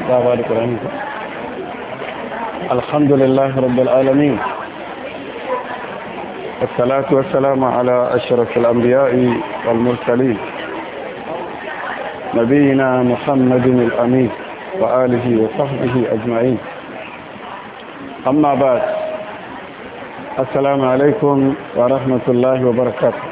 السلام عليكم ورحمة الحمد لله رب العالمين والصلاة والسلام على أشرف الأنبياء والمرسلين نبينا محمد الأمين وآله وصحبه أجمعين أما بعد السلام عليكم ورحمة الله وبركاته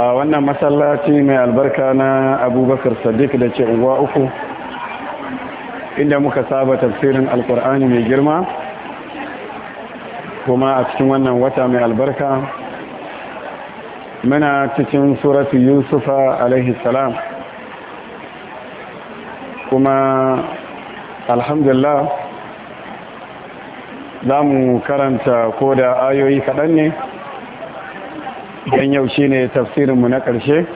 a wannan masallaci mai albarka na abubakar sadiq da ke uwa uku inda muka saba tafsirin alkur'ani mai girma kuma a cikin wannan wata mai albarka muna cikin surat yusufa alaihi salam kuma alhamdulillah za mu karanta ko da ayoyi kaɗan ne don yau shi ne tafsirinmu na ƙarshe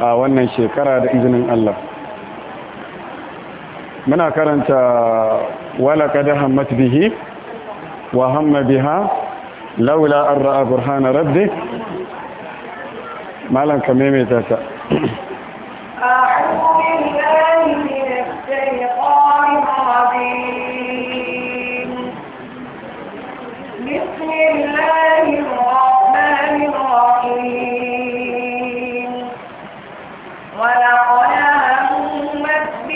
a wannan shekara da izinin Allah muna karanta walaka da hammat bihi wa hamma biha laula an ra'a burhana rabbi malam ka maimaita ta ولقد همت به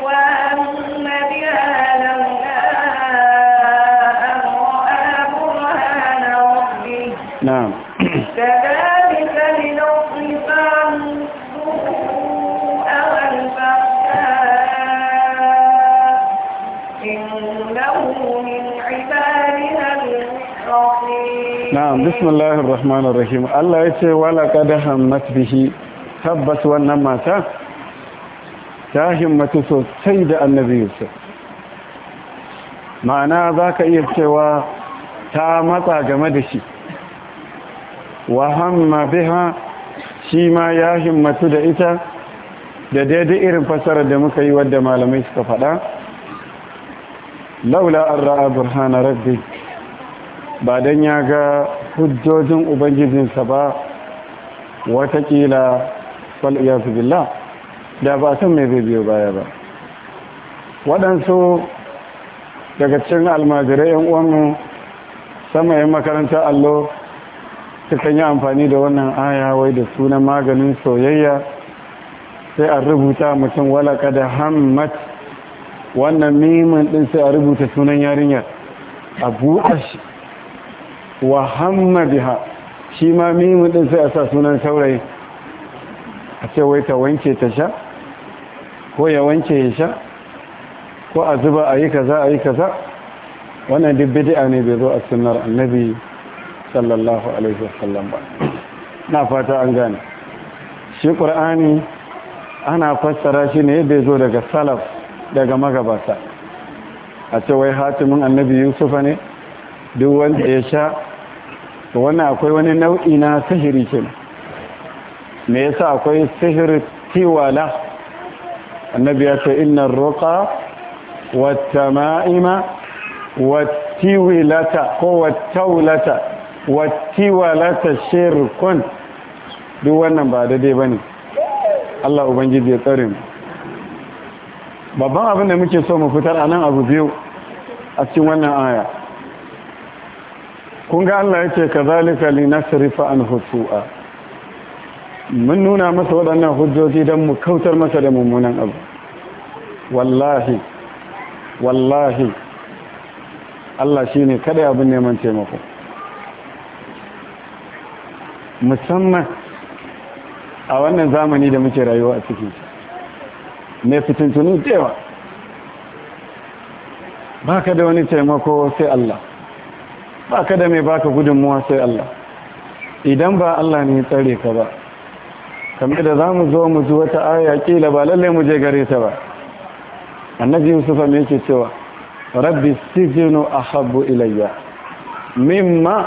بها ربه نعم كذلك لنصرف عنه إنه من نعم بسم الله الرحمن الرحيم الله يقول ولقد همت به tabbas wannan mata ta himmatu sosai da annabi yusuf ma'ana za ka iya cewa ta matsa game da shi wa hamma biha shi ma ya himmatu da ita da daidai irin fasarar da muka yi wadda malamai suka faɗa laula an ra'a burhana rabbi ba don ya ga hujjojin ubangijinsa ba watakila wal iyazu billah da ba san mai zai biyo baya ba waɗansu daga cikin almajirai yan uwanmu sama yin makarantar allo sukan yi amfani da wannan aya wai da sunan maganin soyayya sai a rubuta mutum walaka da hammat wannan mimin din sai a rubuta sunan yarinyar a buɗa shi wa shi ma mimin din sai a sa sunan saurayi a ce wai ta wanke ta sha ko ya wanke ya sha ko a zuba a yi kaza a yi kaza wannan duk bidi'a ne bai zo a sunnar annabi sallallahu alaihi wasallam ba na fata an gane shi qur'ani ana fassara shi ne bai zo daga salaf daga magabata a ce wai hatimin annabi yusufa ne duk wanda ya sha wannan akwai wani nau'i na sahiri kenan me yasa akwai sihir tiwala annabi ya ce inna roƙa wata ma'ima wattiwilata ko wattaulata wattiwalata shirkun duk wannan ba daidai ba ne allah ubangiji ya tsare mu babban abin da muke so mu fitar a nan abu biyu a cikin wannan aya kun ga allah ya ce ka linasrifa an su'a mun nuna masa waɗannan hujjoji don mu kautar masa da mummunan abu wallahi wallahi Allah shi ne kada abin neman taimako musamman a wannan zamani da muke rayuwa a cikin mai fitintunu cewa ba ka da wani taimako sai Allah ba ka da mai baka gudunmuwa sai Allah idan ba Allah ne tsare ka ba kamar da za mu zo mu ji wata aya kila ba lallai mu je gare ta ba annabi yusuf me yake cewa rabbi sijinu ahabbu ilayya mimma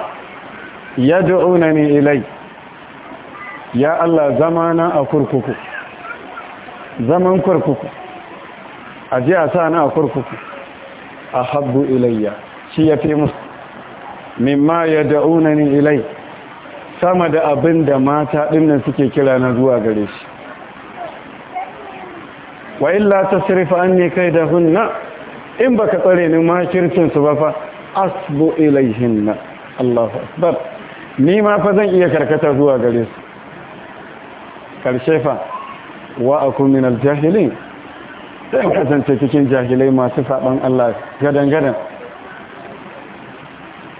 yad'unani ilay ya Allah zamana a kurkuku zaman kurkuku a ji a sa na a kurkuku ahabbu ilayya shi ya fi musu mimma yad'unani ilay sama da abin da mata dinnan suke kira na zuwa gare shi wa illa tasrifa anni kaidahunna in baka tsare ni ma kirkin su ba fa asbu ilaihinna Allahu akbar ni ma fa zan iya karkata zuwa gare su karshe fa wa akun min aljahilin sai kasance cikin jahilai masu saban Allah gadan gadan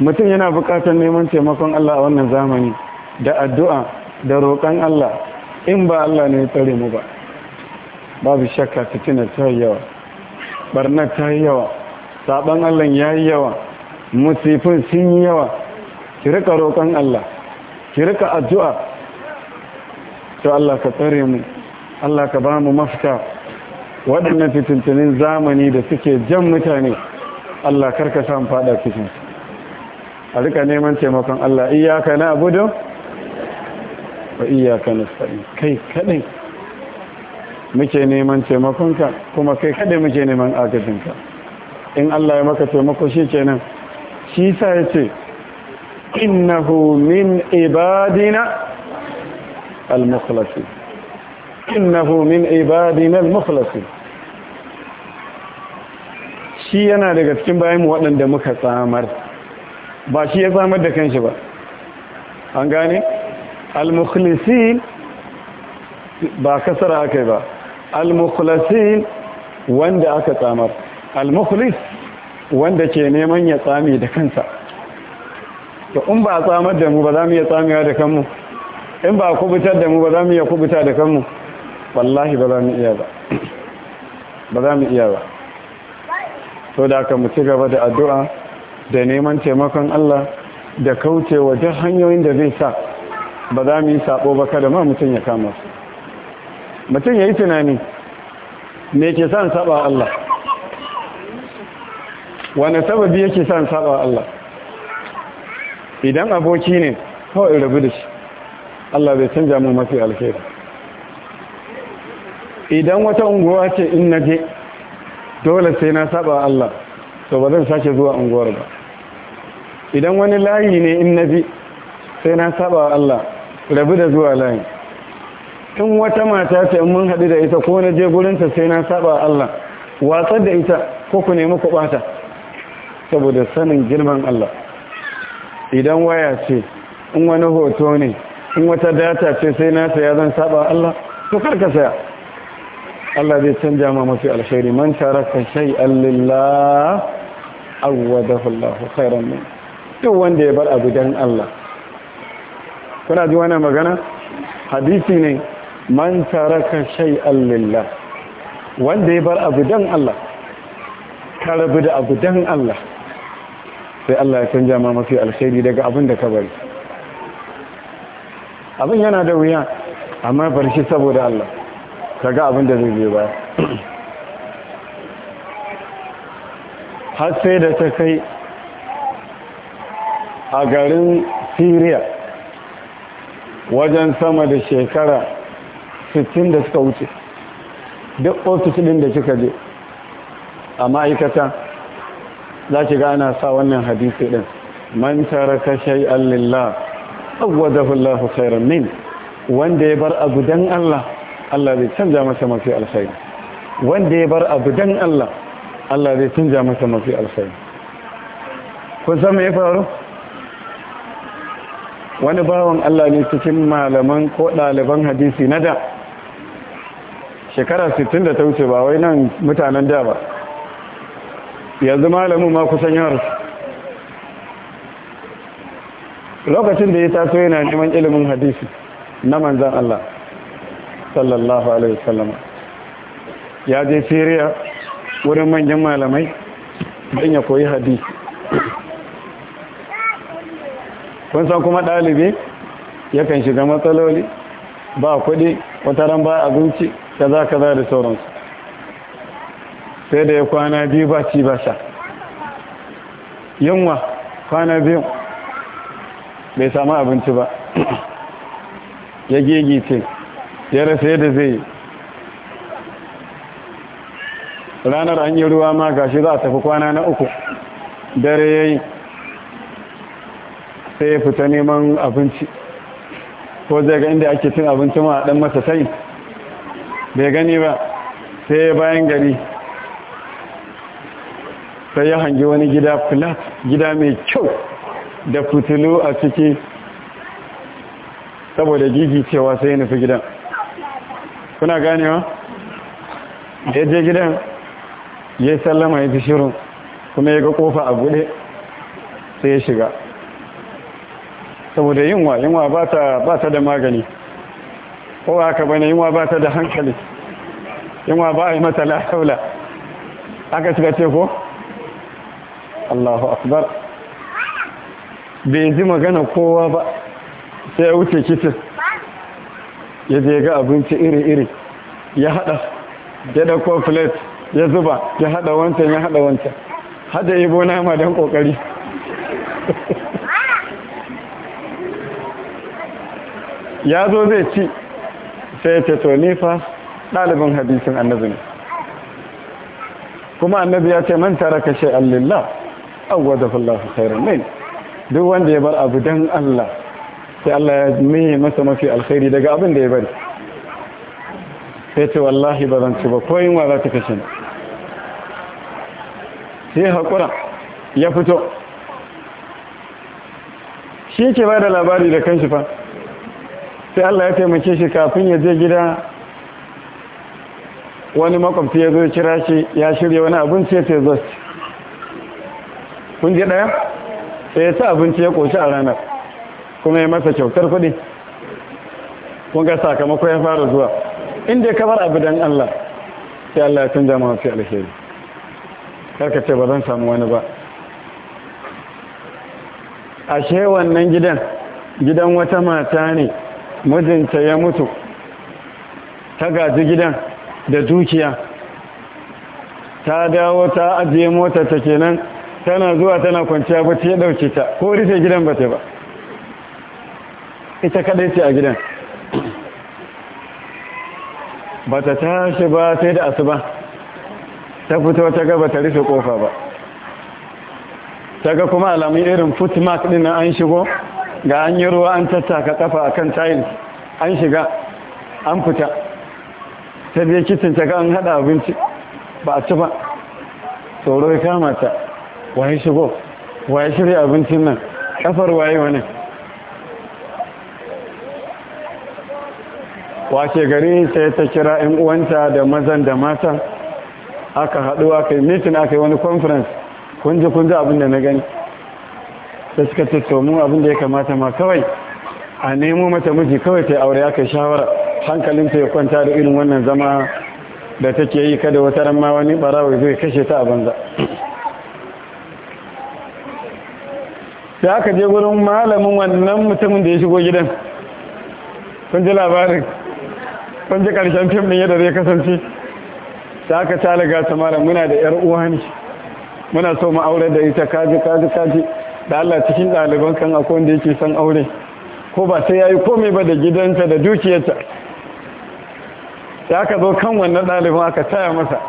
mutum yana bukatar neman taimakon Allah a wannan zamani da addu'a da roƙon Allah in ba Allah ne ya tsare mu ba babu shakka fitina ta yi yawa barna ta yi yawa saɓan Allah ya yi yawa musifin sun yi yawa ki rika roƙon Allah ki rika addu'a to Allah ka tsare mu Allah ka ba mu mafita waɗannan fitintunin zamani da suke jan mutane Allah karka sa mu fada cikin a rika neman taimakon Allah iyaka na abudu wa iyaka nasta'in kai kadai muke neman taimakonka kuma kai kadai muke neman agajinka in Allah ya maka taimako shi kenan shi sa yace innahu min ibadina al-mukhlasin innahu min ibadina al-mukhlasin shi yana daga cikin bayan mu waɗanda muka tsamar ba shi ya tsamar da kanshi ba an gane al-mukhlasin ba kasara akai ba al wanda aka tsamar al wanda ke neman ya tsame da kansa to in ba tsamar da mu ba za mu iya tsamewa da kanmu in ba kubutar da mu ba za mu iya kubuta da kanmu wallahi ba za mu iya ba ba za mu iya ba to da aka mu ci gaba da addu'a da neman taimakon Allah da kaucewa duk hanyoyin da zai sa ba za mu yi sabo ba kada ma mutum ya kama su mutum ya yi tunani me ke san saba Allah wane sababi yake san saba Allah idan aboki ne kawai rabu da shi Allah bai canja mu mafi alheri idan wata unguwa ce in na je dole sai na saba Allah to ba zan sake zuwa unguwar ba idan wani layi ne in na je sai na saba Allah rabu da zuwa layi tun wata mata ce mun haɗu da ita ko na je gurinta sai na saba Allah watsar da ita ko ku nemi ku ɓata saboda sanin girman Allah idan waya ce in wani hoto ne in wata data ce sai na saya zan saba Allah to karka saya Allah zai canja ma mafi alkhairi man taraka shay'an Allah awwadahu Allah khairan min duk wanda ya bar abu dan Allah kuna ji wani magana hadisi ne man taraka shai lillah wanda ya bar abu dan Allah ka rabu da abu dan Allah sai Allah ya canja ma mafi alkhairi daga abin da ka bari abin yana da wuya amma bar shi saboda Allah ka abin da zai zai ba har sai da ta kai a garin Syria wajen sama da shekara 60 da suka wuce duk ofis din da kika je a ma'aikata za ki ga ana sa wannan hadisi din. man taraka shay'an lillah awwadahu Allah khairan min wanda ya bar abu dan Allah Allah zai canja masa mafi alkhairi wanda ya bar abu dan Allah Allah zai canja masa mafi alkhairi kun san me ya faru wani bawan Allah ne cikin malaman ko ɗaliban hadisi na da shekara 60 da ta wuce ba wai nan mutanen da ba yanzu malamin ma kusan yawar lokacin da ya taso yana neman ilimin hadisi na manzan Allah sallallahu alaihi wasallama ya je siriya wurin manyan malamai don ya koyi hadisi kun san kuma ɗalibi yakan shiga matsaloli ba kuɗi wata ran ba abinci kaza kaza da sauransu sai da ya kwana biyu ba ci ba sha yunwa kwana biyu bai sami abinci ba ya gegice ya rasa da zai yi ranar an yi ruwa ma gashi za a tafi kwana na uku dare ya yi sai ya fita neman abinci ko zai ga inda ake cin abinci ma dan masa sai bai gani ba sai ya bayan gari sai ya hangi wani gida flat gida mai kyau da fitilu a ciki saboda gigi cewa sai ya nufi gidan kuna ganewa ya je gidan ya sallama ya fi shirin kuma ya ga kofa a buɗe sai ya shiga saboda yunwa yunwa ba ta da magani ko haka bane yunwa ba ta da hankali yunwa ba a yi mata la'aula aka shiga ce ko allahu akbar bai ji magana kowa ba sai ya wuce kitin ya je ga abinci iri-iri ya hada ya da plate ya zuba ya hada wancan ya hada wancan hada bo nama don kokari ya zo zai ci sai ya ce to ni fa ɗalibin hadisin annabi ne kuma annabi ya ce man taraka shay'an lillah awwadahu Allah khairan min duk wanda ya bar abu dan Allah sai Allah ya miye masa mafi alkhairi daga abin da ya bari sai ce wallahi ba zan ci ba ko yin za ta kashe sai haƙura ya fito shi ke ba da labari da kanshi fa sai Allah ya taimake shi kafin ya je gida wani makwabci ya zo kira shi ya shirya wani abinci ya ce shi kun ji ɗaya sai ya ci abinci ya ƙoshi a ranar kuma ya masa kyautar kuɗi kun ga sakamako ya fara zuwa inda ya bar abu don Allah sai Allah ya tunja ma wasu alheri karka ba zan samu wani ba ashe wannan gidan gidan wata mata ne mijinta ya mutu ta gaji gidan da dukiya ta dawo ta ajiye motar ta kenan tana zuwa tana kwanciya ba ta dauke ta ko rufe gidan ba ta ba ita kadai ce a gidan ba ta tashi ba sai da asuba ta fito ta ga ba ta rufe kofa ba ta ga kuma alamun irin footmark din na an shigo ga an yi ruwa an tattaka kafa a kan tiles an shiga an fita ta biya kitin ta ga an hada abinci ba a ci tsoro ya kama waye shigo waye shirya abincin nan kafar waye wani wace gari sai ta kira 'yan uwanta da mazan da mata aka haɗu aka yi mitin aka yi wani conference kunji kunji abin da na gani da suka tattomu abinda abin da ya kamata ma kawai a nemo mata miji kawai ta aure aka shawara hankalinta ya kwanta da irin wannan zama da take yi kada wata ran wani barawa zai kashe ta a banza Da aka je wurin malamin wannan mutumin da ya shigo gidan kun ji labarin kun ji karshen fim din yadda zai kasance da aka talaga ta malam muna da yar uwa ne muna so mu aure da ita kaji kaji kaji da Allah cikin ɗaliban kan akwai wanda yake son aure ko ba sai ya yi komai ba da gidanta da dukiyarta ya aka zo kan wannan ɗaliban aka taya masa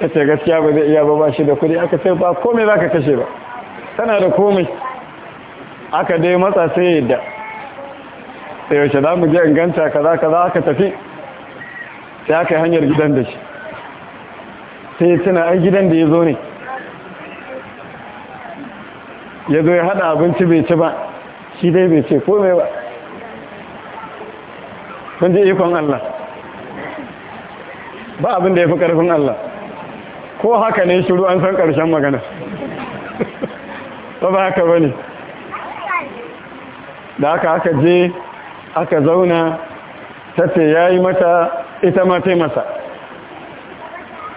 ya ce gaskiya ba zai iya ba ba shi da kuɗi aka sai ba komai za ka kashe ba tana da komai aka dai matsa sai yadda sai yaushe za mu je inganta kaza kaza aka tafi sai aka yi hanyar gidan da shi sai suna ai gidan da ya zo ne ya zo ya hada abinci bai ci ba shi dai bai ce mai ba kun ji ikon Allah ba abin da ya fi ƙarfin Allah ko haka ne shiru an san ƙarshen magana ba ba haka ba ne da aka aka je aka zauna ta ce ya yi mata ita ma ta masa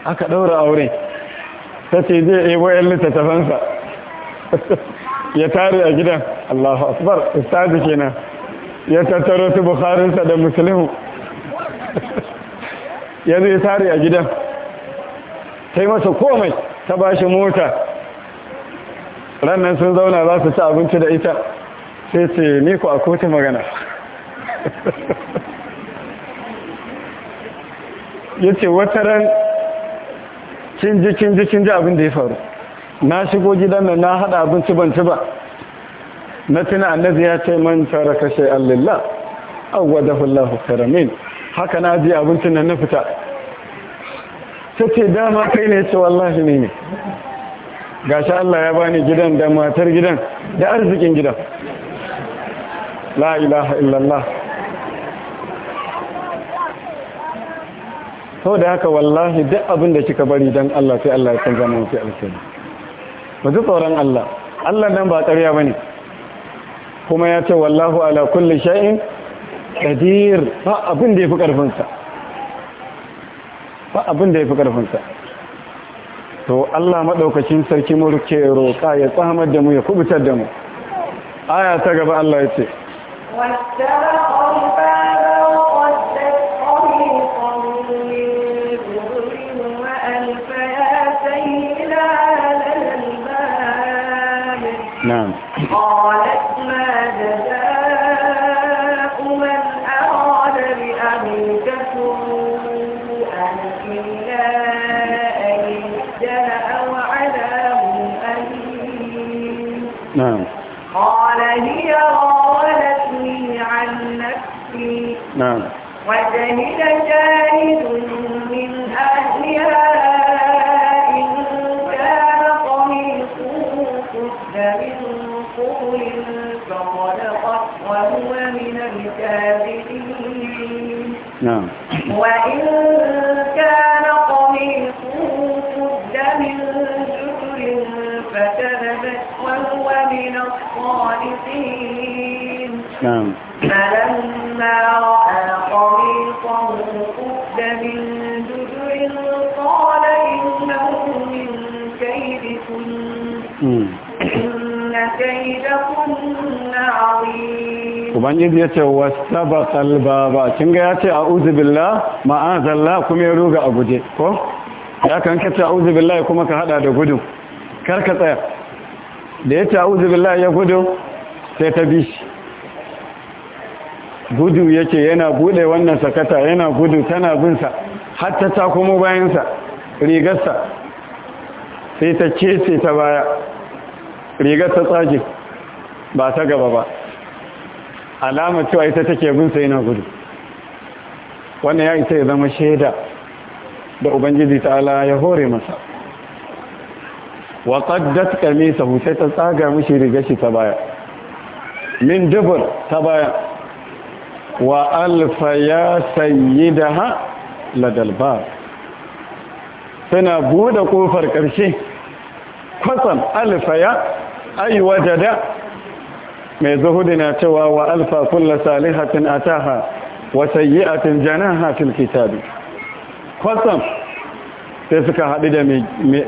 aka ɗaura aure ta ce zai ebo yan littattafansa ya tare a gidan Allahu akbar ustazi kenan ya tattaro su sa da Muslim ya zai tare a gidan ta yi masa komai ta bashi mota rannan sun zauna za su ci abinci da ita sai ce ni ku a magana ya ce wata ran kin ji abin da ya faru na shigo gidan nan na hada abinci ban ci ba na tuna annabi ya ce man taraka shay Allah awadahu Allahu karamin haka na ji abincin nan na fita sace dama kai ne ce wallahi ne ne gashi Allah ya bani gidan da matar gidan da arzikin gidan la ilaha illallah sau da haka wallahi duk abin da kika bari don Allah sai Allah ya canza mu fi alkhairi ba ji tsoron Allah Allah nan ba ƙarya ba ne kuma ya ce wallahu ala kulle sha'in ƙadir ba abin da ya fi ƙarfinsa ba abin da ya fi ƙarfinsa to Allah maɗaukacin sarki murke roƙa ya tsamar da mu ya kubutar da mu aya ta gaba Allah ya ce قال ubangiji ya ce wasabaqal baba kin ga ya ce a'udhu billah ma'azalla kuma ya ruga a guje ko ya kan ka ce a'udhu billahi kuma ka hada da gudu kar ka tsaya da ya ce a'udhu billahi ya gudu sai ta bi shi gudu yake yana bude wannan sakata yana gudu tana bin sa har ta ta kuma bayan sa rigar sa sai ta ce sai ta baya rigar ta tsage ba ta gaba ba alama cewa ita take binsa yana gudu wannan ya isa ya zama shaida da ubangiji ala ya hore masa wa qaddat qamisahu sai ta tsaga mashi riga shi ta baya min dubur ta baya wa alfa ya sayyidaha ladal ba tana buɗe ƙofar ƙarshe kwasan alfa ya da wajada mai zuhudi na cewa wa alfa kulla salihatin ataha wa sayyi'atin janaha fil kitabi Kwasan sai suka haɗu da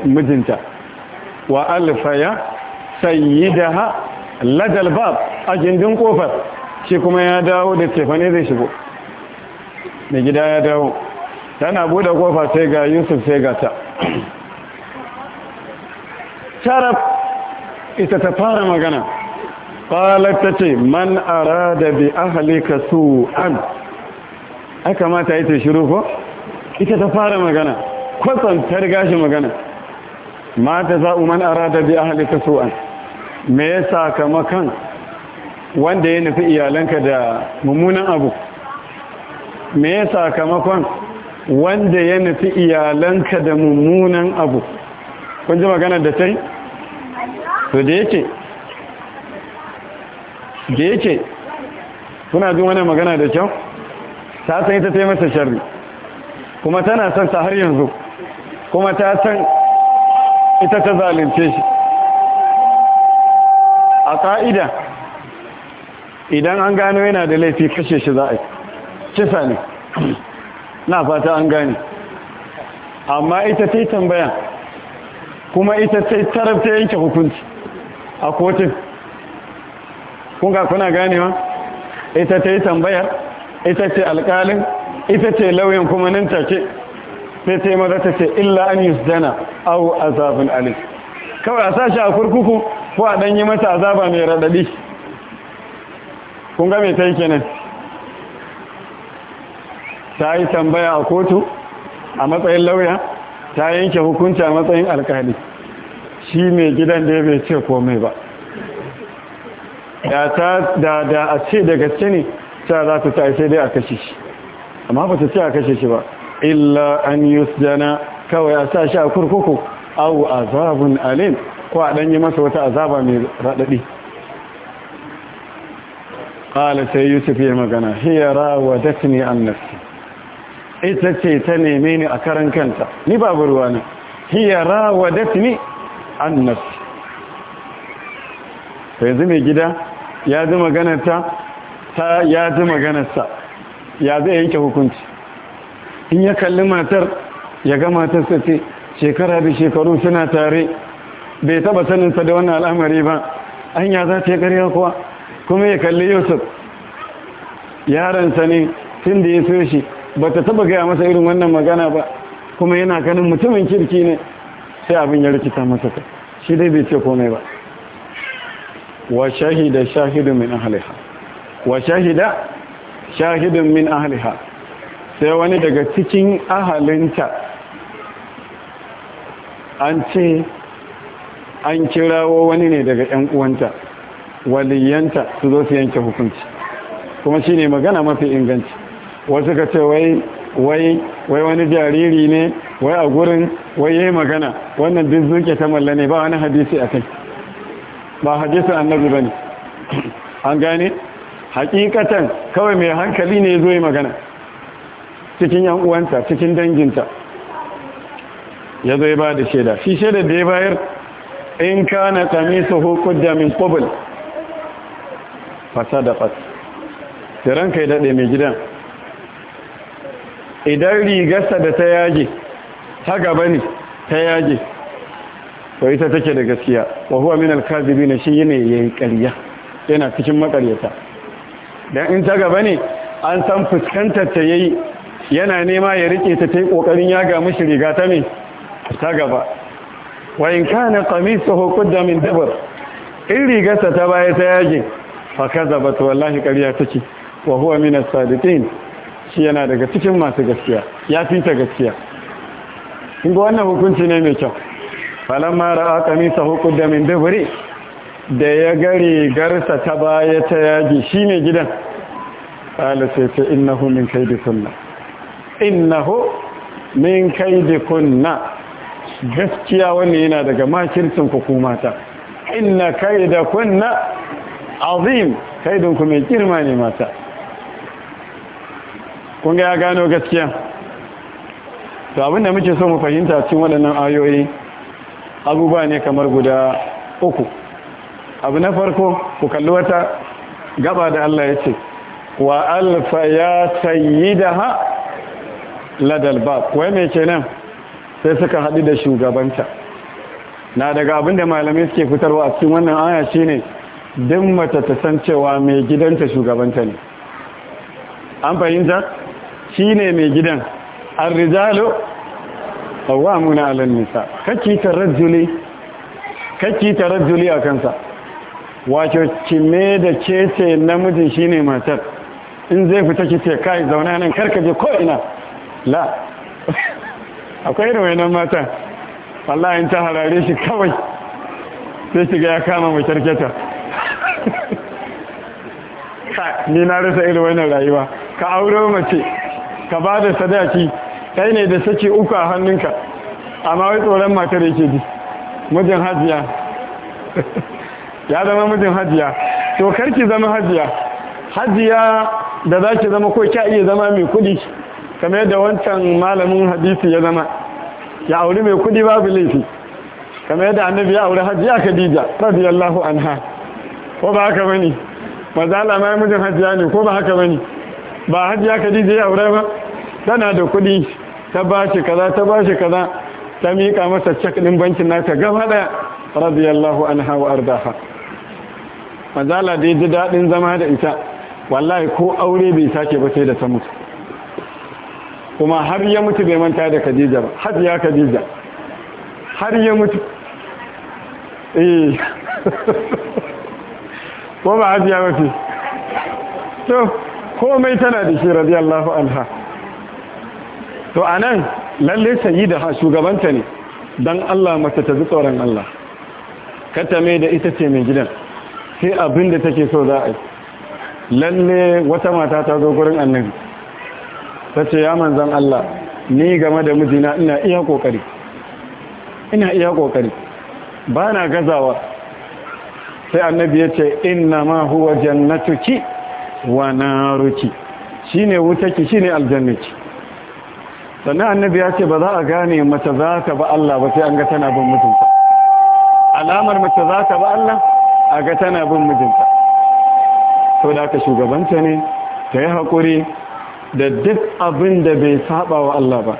mijinta wa alfa ya sayyidaha ladal bab a gindin kofar shi kuma ya dawo da tefane zai shigo da gida ya dawo tana bude kofa sai ga yusuf sai ga ta sharaf ita ta fara magana qalat ce man arada bi ahlika su'an ai kamata ta shiru ko ita ta fara magana kwatsan ta riga shi magana mata za'u man arada bi ahlika su'an me ya sakamakon wanda ya nufi iyalanka da mummunan abu me ya sakamakon wanda ya nufi iyalanka da mummunan abu kun ji magana da sai to da yake da yake kuna jin wani magana da kyau ta san ita ta yi masa shari kuma tana son ta har yanzu kuma ta san ita ta zalunce shi a ƙa'ida idan an gano yana da laifi kashe shi za a yi kisa ne na fata an gane amma ita ta yi tambaya kuma ita ta yi tarabta yanke hukunci a kotun kun ga kuna ganewa ita ta yi tambayar ita ce alkalin ita ce lauyan kuma nan take sai ta yi maza ta ce illa an yi zana au azabin alif kawai a sashi a kurkuku ko a ɗanyi mata azaba mai raɗaɗi kun ga mai ta yi kenan ta yi tambaya a kotu a matsayin lauya ta yanke hukunci a matsayin alkali shi mai gidan da ya bai ce komai ba da da da a ce da gaske ne ta za ta ta dai a kashe shi amma ba ta ce a kashe shi ba illa an jana kawai a sa shi a kurkuku au azabun alim ko a dan yi masa wata azaba mai raɗaɗi. qala sai yusuf ya magana hiya rawadatni an nafsi ita ce ta neme ni a karan kanta ni babu ruwa ne hiya rawadatni an nafsi to yanzu mai gida ya ji maganarta ta ya ji maganarsa ya zai yanke hukunci in ya kalli matar ya ga matarsa ce shekara da shekaru suna tare bai taba saninsa da wannan al'amari ba an ya za ta yi kuwa kuma ya kalli yusuf yaransa ne tun da ya so shi ba ta taba gaya masa irin wannan magana ba kuma yana ganin mutumin kirki ne sai abin ya rikita masa shi dai bai ce komai ba wa shahida shahidun min ahliha wa shahida shahidun min ahliha sai wani daga cikin ahalinta an ce an kirawo wani ne daga ‘yan uwanta waliyanta su zo su yanke hukunci kuma shi ne magana mafi inganci wasu ka ce wai wai wai wani jariri ne wai a gurin wai yayi magana wannan duk zuke ta malla ne ba wani hadisi a kai ba hadisin annabi ba ne an gane hakikatan kawai mai hankali ne zo yi magana cikin yan cikin danginta ya zai ba da shaida shi shaida da ya bayar in kana su hukun min qubl Fasa da ranka ya dade mai gidan idan rigarsa da ta yage ta gaba ne ta yage to ita take da gaskiya wa huwa min al-kadhibin shi yana yayi ƙarya yana cikin makaryata dan in ta gaba ne an san fuskantar ta yayi yana nema ya rike ta tai kokarin ya ga mishi riga ta me ta gaba wa in kana qamisuhu qudda min dabar in rigarsa ta baya ta yage fa kazabat wallahi ƙarya take wa huwa min as-sadiqin shi yana daga cikin masu gaskiya ya fita gaskiya In ga wannan hukunci ne mai kyau falamma ra'a qamisahu qudda min dubri da ya gari garsa ta baya ta yaji shine gidan qala sai ta innahu min kaidi sunna innahu min kaidi kunna gaskiya wannan yana daga makircin ku kuma ta inna kaida kunna azim kaidun ku mai girma ne mata kun ga ya gano gaskiya to abinda muke so mu fahimta cikin waɗannan ayoyi abubuwa ne kamar guda uku abu na farko ku kalli wata gaba da Allah ya ce wa alfa ya ha ladal kuwa wai mai kenan sai suka haɗu da shugabanta na daga abinda malamai suke fitarwa a cikin wannan aya shine din mata ta san cewa mai gidanta shugabanta ne an fahimta shine mai gidan arrijalu qawwamuna 'ala an-nisa kake tarajjuli kake tarajjuli a kansa wato kime da kece namiji shine matar in zai fita kice kai zauna nan karka je ko ina la akwai irin matan wallahi in ta harare shi kawai sai shiga ya kama mai kyarketa ni na rasa irin wannan rayuwa ka aure mace ka ba da sadaki kai ne da sake uku a hannunka amma wai tsoron matar yake ji mijin hajiya ya zama mijin hajiya to karki zama hajiya hajiya da za ki zama ko kya iya zama mai kudi kamar yadda wancan malamin hadisi ya zama ya auri mai kudi babu laifi kamar yadda annabi ya auri hajiya khadija radiyallahu anha ko ba haka bane mazala mai mijin hajiya ne ko ba haka bane ba hajiya khadija ya aure ba tana da kuɗi ta ba shi kaza ta ba shi kaza ta miƙa masa cek ɗin bankin naka gaba ɗaya radiyallahu anha wa ardaha mazala da ji daɗin zama da ita wallahi ko aure bai sake ba sai da ta mutu kuma har ya mutu bai manta da Khadija ba har ya Khadija har ya mutu eh ko ba hajiya mafi to komai tana da shi radiyallahu anha to a nan lalle sayi da shugabanta ne don Allah mace ta ji tsoron Allah katame da ita ce mai gidan sai abin da take so za a yi lalle wata mata ta zo gurin annabi ta ce ya manzan Allah ni game da mijina ina iya kokari ina iya kokari ba na gazawa sai annabi ya ce inna ma huwa jannatuki wa naruki shine wutaki shine aljannaki sannan annabi ya ce ba za a gane mace za ka ba Allah ba sai an ga tana bin mijinta alamar mace za ka ba Allah a ga tana bin mijinta to da ka shugabanta ne ta yi haƙuri da duk abin da bai saba wa Allah ba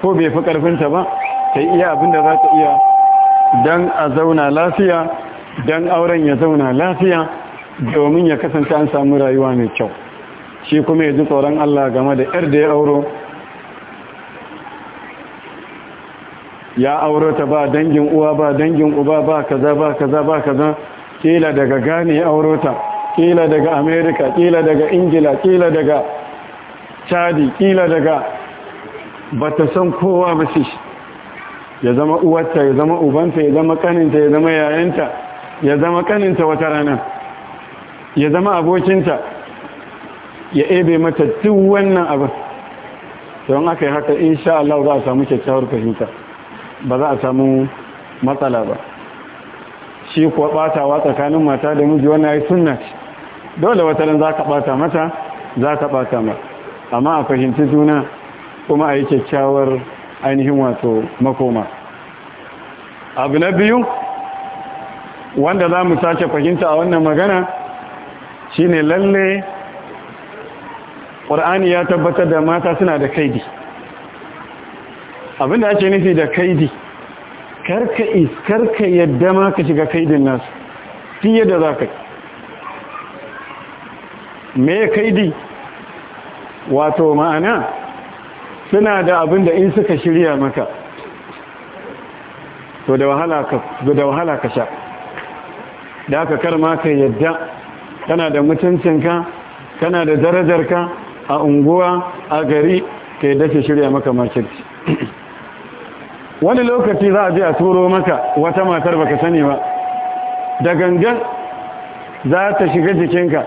ko bai fi ƙarfinta ba ta iya abin da za ta iya don a zauna lafiya don auren ya zauna lafiya domin ya kasance an samu rayuwa mai kyau shi kuma ya ji tsoron Allah game da 'yar da ya auro ya aurata ba dangin uwa ba dangin uba ba kaza ba kaza ba kaza kila daga gane aurata kila daga america kila daga ingila kila daga chadi kila daga bata san kowa ba shi ya zama uwarta ya zama ubanta ya zama kaninta ya zama yayanta ya zama kaninta wata rana ya zama abokinta ya ebe mata duk wannan abin don aka yi haka insha Allah za a samu kyakkyawar fahimta ba za a samu matsala ba shi kuwa batawa tsakanin mata da miji wannan ai sunna ce dole wata za zaka bata mata za ka bata ma amma a fahimci juna kuma a yi kyakkyawar ainihin wato makoma abu na biyu wanda za mu sake fahimta a wannan magana shine lalle ƙur'ani ya tabbatar da mata suna da kaidi abinda ake nufi da kaidi karka ka yadda ma ka shiga kaidin nasu fi yadda za ka yi me kaidi wato ma'ana suna da abin in suka shirya maka to da wahala ka sha da kar karma ka yadda kana da mutuncinka kana da darajarka a unguwa a gari ka yadda ke shirya maka makirci wani lokaci za a je a turo maka wata matar baka sani ba da gangan za ta shiga jikinka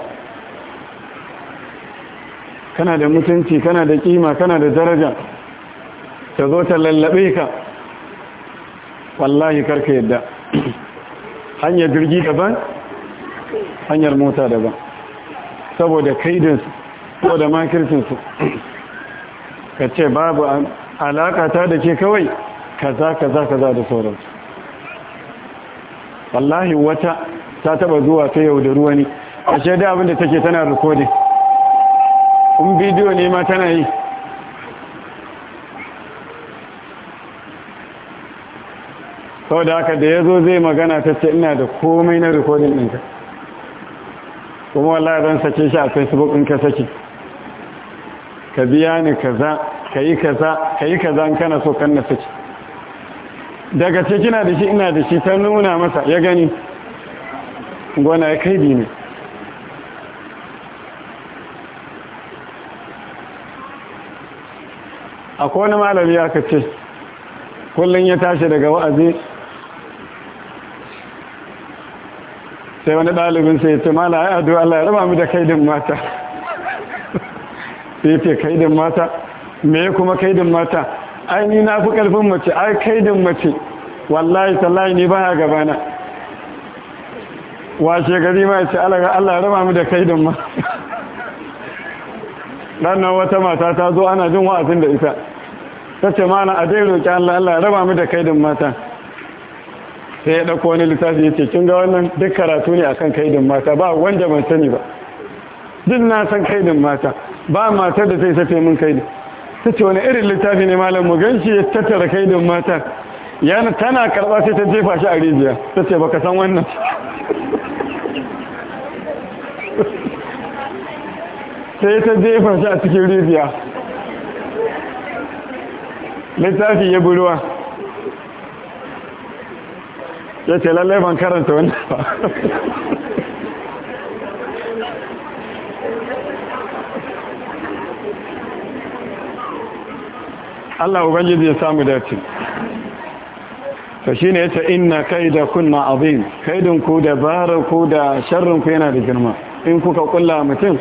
kana da mutunci kana da kima kana da daraja ta zo ta lallabe ka wallahi karka yadda hanyar jirgi daban hanyar mota daban saboda kaidinsu ko da makircinsu ka ce babu ta da ke kawai kaza kaza kaza da sauran wallahi wata ta taba zuwa ta yau da ruwa ne a shaida abinda take tana rikodin kun bidiyo ne ma tana yi sau da haka da ya zo zai magana ta ce ina da komai na rikodin ɗinka kuma wallahi zan sake shi a facebook in ka sake ka biya ni kaza ka yi kaza ka yi kaza kana so kan na sake daga ce kina da shi ina da shi ta nuna masa ya gani gwana ya kai dini a wani malami ya kace kullum ya tashi daga wa'azi sai wani ɗalibin sai ya ce mala ya addu'a Allah ya raba mu da kaidin mata sai ya ce kaidin mata me kuma kaidin mata ai ni na fi karfin mace ai kaidin mace wallahi tallahi ni baya gabana washe gari ma ce Allah rama mu da kaidin ma ranar wata mata ta zo ana jin wa'azin da ita ta ce mana a dai roƙi Allah Allah rama mu da kaidin mata sai ya ɗauko wani littafi ya ce kin ga wannan duk karatu ne akan kaidin mata ba wanda ban sani ba duk na san kaidin mata ba matar da sai sace min kaidin ta ce wani irin littafi ne malam mu ganshi ya tattara kai da matan yana tana karɓa sai ta jefa shi a rijiya ta ce baka san wannan sai ta jefa shi a cikin rijiya littafi ya buruwa ya ce lallai ban karanta wannan ba Allah ubangiji ya samu dace to shine yace inna da kunna azim kaidin ku da baraku da sharrin yana da girma in kuka kulla mutum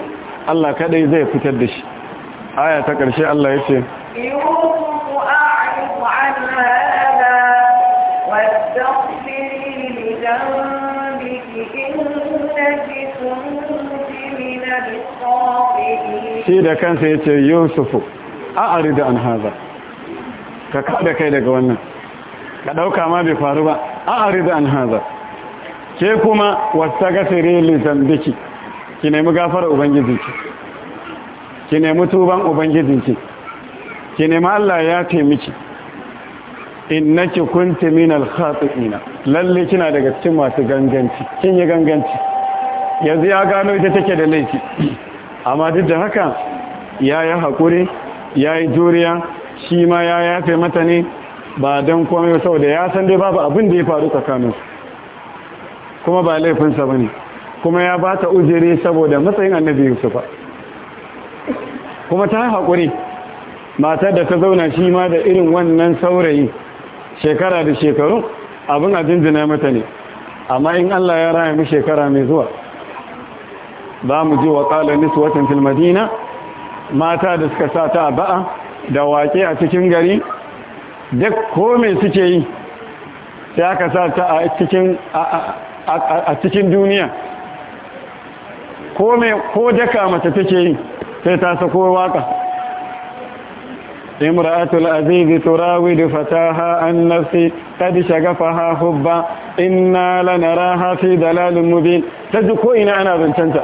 Allah kadai zai fitar da shi aya ta ƙarshe Allah yace shi da kansa yace yusufu aarida an haza. ka kada kai daga wannan ka ɗauka ma bai faru ba a arida an haza ke kuma wasta gasiri lizambiki ki nemi gafar ubangijinki ki nemi tuban ubangijinki ki nemi Allah ya taimaki innaki kunti minal khati'ina lalle kina daga cikin masu ganganci kin yi ganganci yanzu ya gano ita take da laifi amma duk da haka yayi hakuri yayi juriya shi ma ya yafe mata ne ba don komai saboda ya san dai babu abin da ya faru tsakanin kuma ba laifinsa ba ne kuma ya ba ta ujere saboda matsayin annabi yusufa kuma ta haƙuri matar da ta zauna shi ma da irin wannan saurayi shekara da shekaru abin a jinjina mata ne amma in allah ya raya mu shekara mai zuwa za mu ji wa ƙalar niswatan watan mata da suka sa ta ba'a da wake a cikin gari duk kome suke yi sai aka sa ta a cikin duniya ko daka mata take yi sai ta sako waka al azizi turawidu fataha an nafsi qad shagafaha hubba inna lanaraha fi dalalin mubin ko ina ana zancanta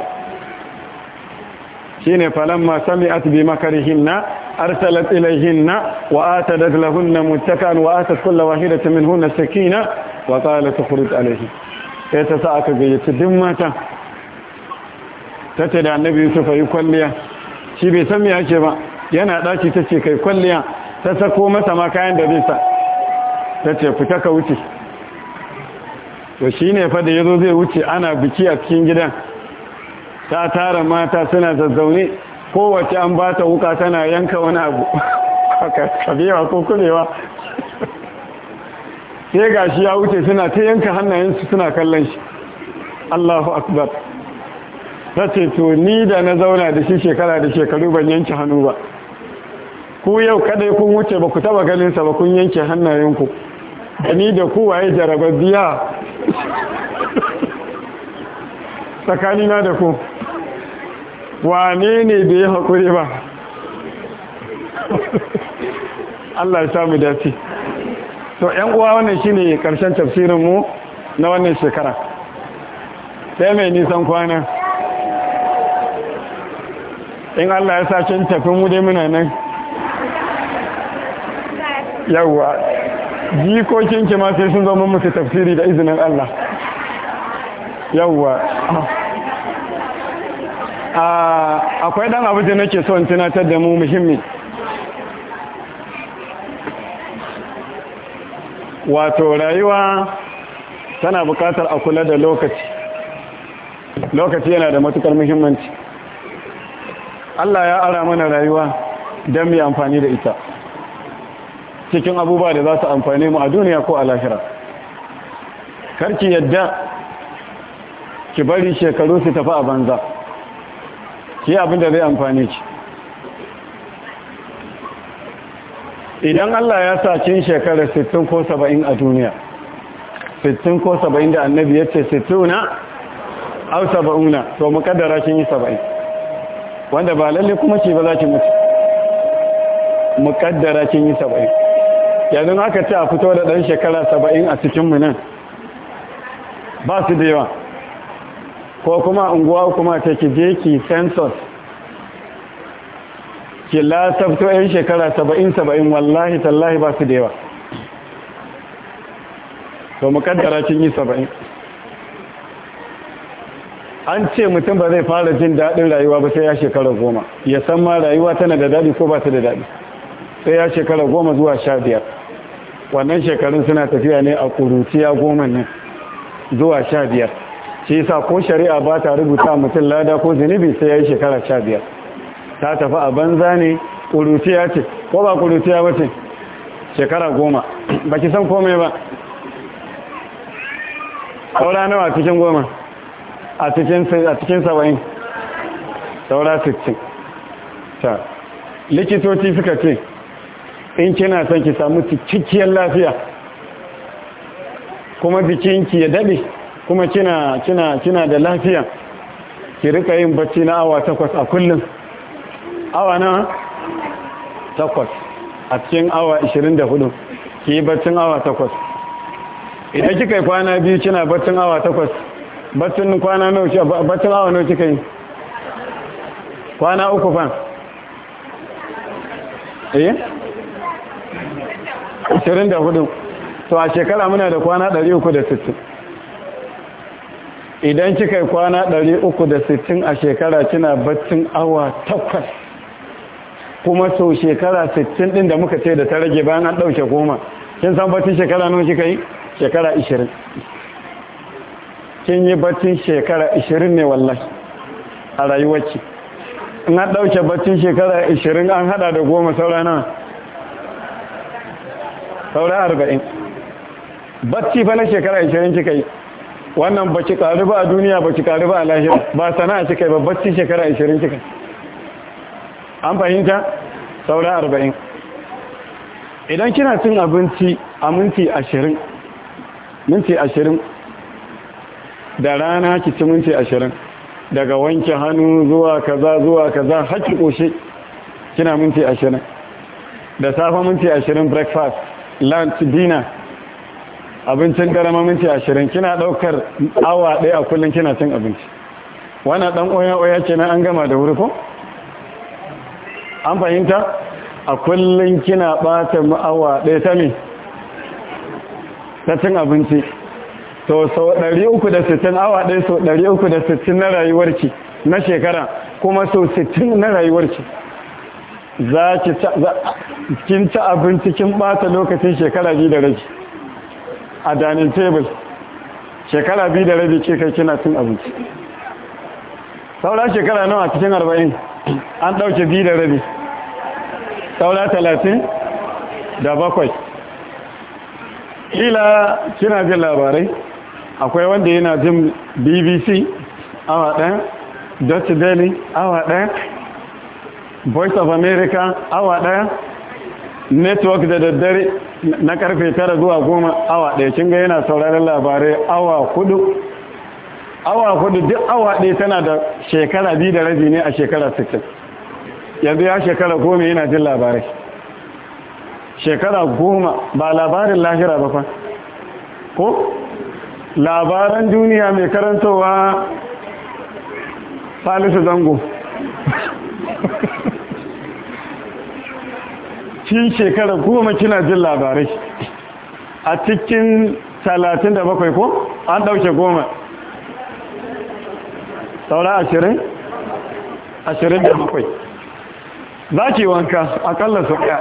shine falamma sami'at bi makarihinna arsalat ilayhinna wa atadat lahunna muttakan wa atat kullu wahidatin minhunna sakina wa qalat tukhruj alayhi sai ta sa aka gayyaci duk mata tace da annabi Yusuf ayi kwalliya shi bai san me yake ba yana daki tace kai kwalliya ta sako masa ma kayan da zai sa tace fita ka wuce to shine fa da yazo zai wuce ana biki a cikin gidan ta tara mata suna zazzaune kowace an ba ta wuka tana yanka wani abu kabewa ko kulewa sai ga shi ya wuce suna ta yanka hannayensu suna kallon shi allahu akbar ta ce to ni da na zauna da shi shekara da shekaru ban yanke hannu ba ku yau kadai kun wuce ba ku taba ganinsa ba kun yanke hannayenku da ni da ku waye biya. tsakanina da ku wane ne da ya haƙuri ba Allah ya samu dace to ƴan uwa wannan shine karshen tafsirin mu na wannan shekara sai mai nisan kwana in Allah ya sace tafi mu dai muna nan yawa jikokin ki ma sai sun zama musu tafsiri da izinin Allah yawwa ah, akwai dan abu da nake son tunatar da mu muhimmi wato rayuwa tana bukatar a kula da lokaci lokaci yana da matukar muhimmanci Allah ya ara mana rayuwa don mai amfani da ita cikin abubuwa da za su amfani mu a duniya ko a lahira karki yadda ki bari shekaru su tafi a banza ki abin da zai amfani ki idan Allah ya sa cin shekara 60 ko 70 a duniya 60 ko 70 da annabi ya ce 60 na au 70 na to mu kaddara kin 70 wanda ba lalle kuma ce ba za ki mutu mu kaddara kin 70 yanzu aka ce a fito da dan shekara 70 a cikin mu nan ba su da yawa ko kuma unguwa kuma ta ki je ki census ki lasafto 'yan shekara saba'in saba'in wallahi tallahi ba su da yawa to mu kaddara kin yi saba'in an ce mutum ba zai fara jin daɗin rayuwa ba sai ya shekara goma ya san ma rayuwa tana da daɗi ko ba ta da daɗi sai ya shekara goma zuwa sha biyar wannan shekarun suna tafiya ne a ƙuruciya goma ne zuwa sha biyar shi yasa ko shari'a ba ta rubuta mutum lada ko zunubi sai ya yi shekara sha biyar ta tafi a banza ne ƙuruciya ce ko ba ƙuruciya ba ce shekara goma ba ki san komai ba saura nawa a cikin goma a cikin saba'in saura sittin ta likitoci suka ce in kina son ki samu cikin lafiya kuma jikinki ya daɗe kuma kina kina kina da lafiya ki rika yin bacci na awa takwas a kullum awa na takwas a cikin awa 24 ki yi baccin awa takwas idan kika yi kwana biyu kina baccin awa takwas baccin kwana nawa baccin awa nawa kika yi kwana uku fa eh 24 to a shekara muna da kwana 360 idan kika yi kwana 360 a shekara kina baccin awa 8 kuma so shekara 60 din da muka ce da ta rage bayan an dauke goma kin san baccin shekara nawa kika yi shekara 20 kin yi baccin shekara 20 ne wallahi a rayuwarki in an dauke baccin shekara 20 an hada da goma saura nan saura 40 bacci fa na shekara 20 kika yi wannan ba ki karu ba a duniya ba ki karu ba a lahira ba sana'a kika yi babbacin shekara 20 kika an fahimta saura 40 idan kina cin abinci a minti 20 minti 20 da rana ki ci minti 20 daga wanke hannu zuwa kaza zuwa kaza haƙi ƙoshe kina minti 20 da safa minti 20 breakfast lunch dinner abincin garama minti ashirin kina ɗaukar awa ɗaya a kullum kina cin abinci wana ɗan oya-oya ce na an gama da wuri ko? an fahimta a kullum kina ɓata awa ɗaya ta ne ta cin abinci to sau 360 awa ɗaya sau 360 na rayuwarki na shekara kuma sau 60 na rayuwarki za ki ci abinci kin ɓata lokacin shekara biyu da rage a dining table shekara biyu da rabi ce kai kina cin abinci saura shekara nawa cikin arba'in an ɗauke biyu da rabi saura talatin da bakwai ila kina jin labarai akwai wanda yana jin bbc awa ɗaya dutch daily awa ɗaya voice of america awa ɗaya network da daddare na karfe tara zuwa goma awa ɗaya kin ga yana sauraron labarai awa hudu awa hudu duk awa ɗaya tana da shekara biyu da rabi ne a shekara 60 yanzu ya shekara goma yana jin labarai shekara goma ba labarin lahira ba fa ko labaran duniya mai karantowa salisu zango cikin shekara goma kina jin labarai a cikin talatin da bakwai ko an ɗauke goma saura ashirin ashirin da bakwai za ki wanka akalla su ɗaya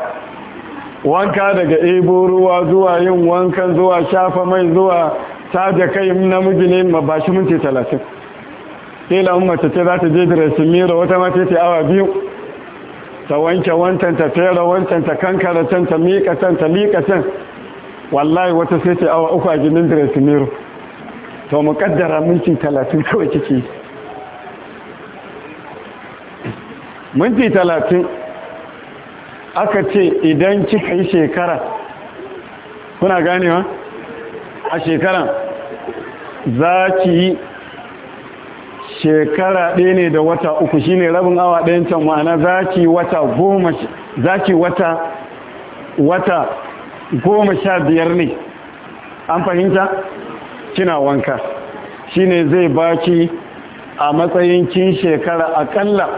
wanka daga ebo ruwa zuwa yin wanka zuwa shafa mai zuwa taja kai namiji ne ma ba shi minti talatin kila mace ce za ta je da mirror wata mace ce awa biyu ta wanke wancan ta fera wancan ta kankara can ta miƙa can ta miƙa can wallahi wata sai ta awa uku a ginin dresimiro to mu kaddara minti talatin kawai kike minti talatin aka ce idan kika yi shekara kuna ganewa a shekaran za ki yi shekara ɗaya ne da wata uku shine rabin awa ɗayan can ma'ana zaki wata goma zaki wata wata goma sha biyar ne an fahimta kina wanka shine zai baki a matsayin kin shekara akalla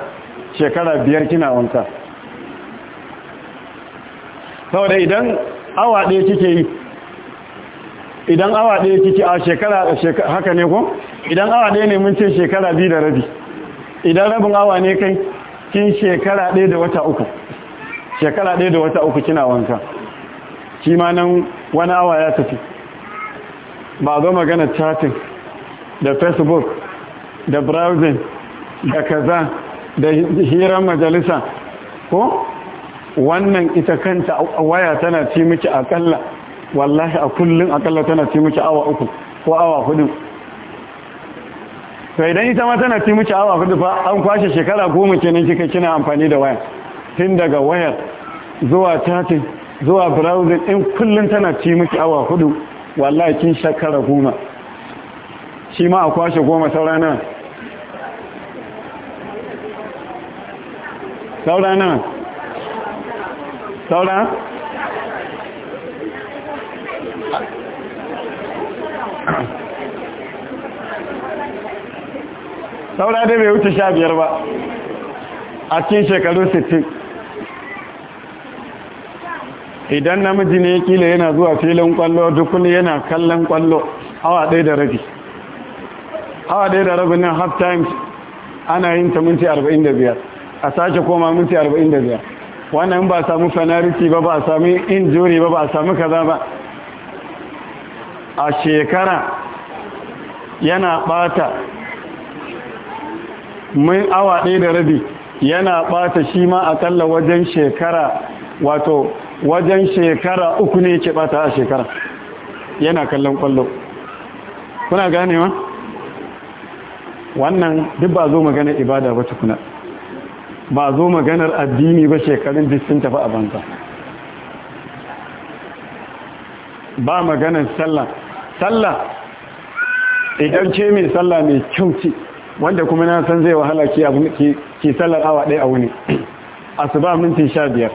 shekara biyar kina wanka saboda idan awa ɗaya kike yi idan awa ɗaya kike a shekara haka ne ko idan awa ɗaya ne mun ce shekara biyu da rabi idan rabin awa ne kai kin shekara ɗaya da wata uku shekara ɗaya da wata uku kina wanka shi ma nan wani awa ya tafi ba zo magana chatting da facebook da browsing da kaza da hiran majalisa ko wannan ita kanta waya tana ci miki akalla wallahi a kullum akalla tana ci miki awa uku ko awa hudu to idan ita ma tana ci muci awa kudu fa an kwashe shekara goma kenan kika kina amfani da waya tun daga wayar zuwa chatting zuwa browsing in kullun tana ci muci awa kudu wallahi kin shekara goma shi ma a kwashe goma saurana saurana saura Thank you. saura dai bai wuce sha biyar ba a cikin shekaru 60 idan namiji ne kila yana zuwa filin kwallo dukkan yana kallon kwallo awa ɗaya da rabi awa ɗaya da rabi nan half times ana yin ta minti 45 a sake koma minti 45 wannan ba a samu fanariti ba ba a sami injuri ba ba a sami kaza ba a shekara yana bata mun awa ɗaya da rabi yana ɓata shi ma akalla wajen shekara wato wajen shekara uku ne yake ɓata a shekara yana kallon ƙwallo kuna ganewa wannan duk ba zo maganar ibada ba tukuna ba zo maganar addini ba shekarun duk sun tafi a banza ba maganar sallah sallah idan ce mai sallah mai kyau ce wanda kuma na san zai wahala ki abu ki ki sallar awa ɗaya a wuni asuba minti 15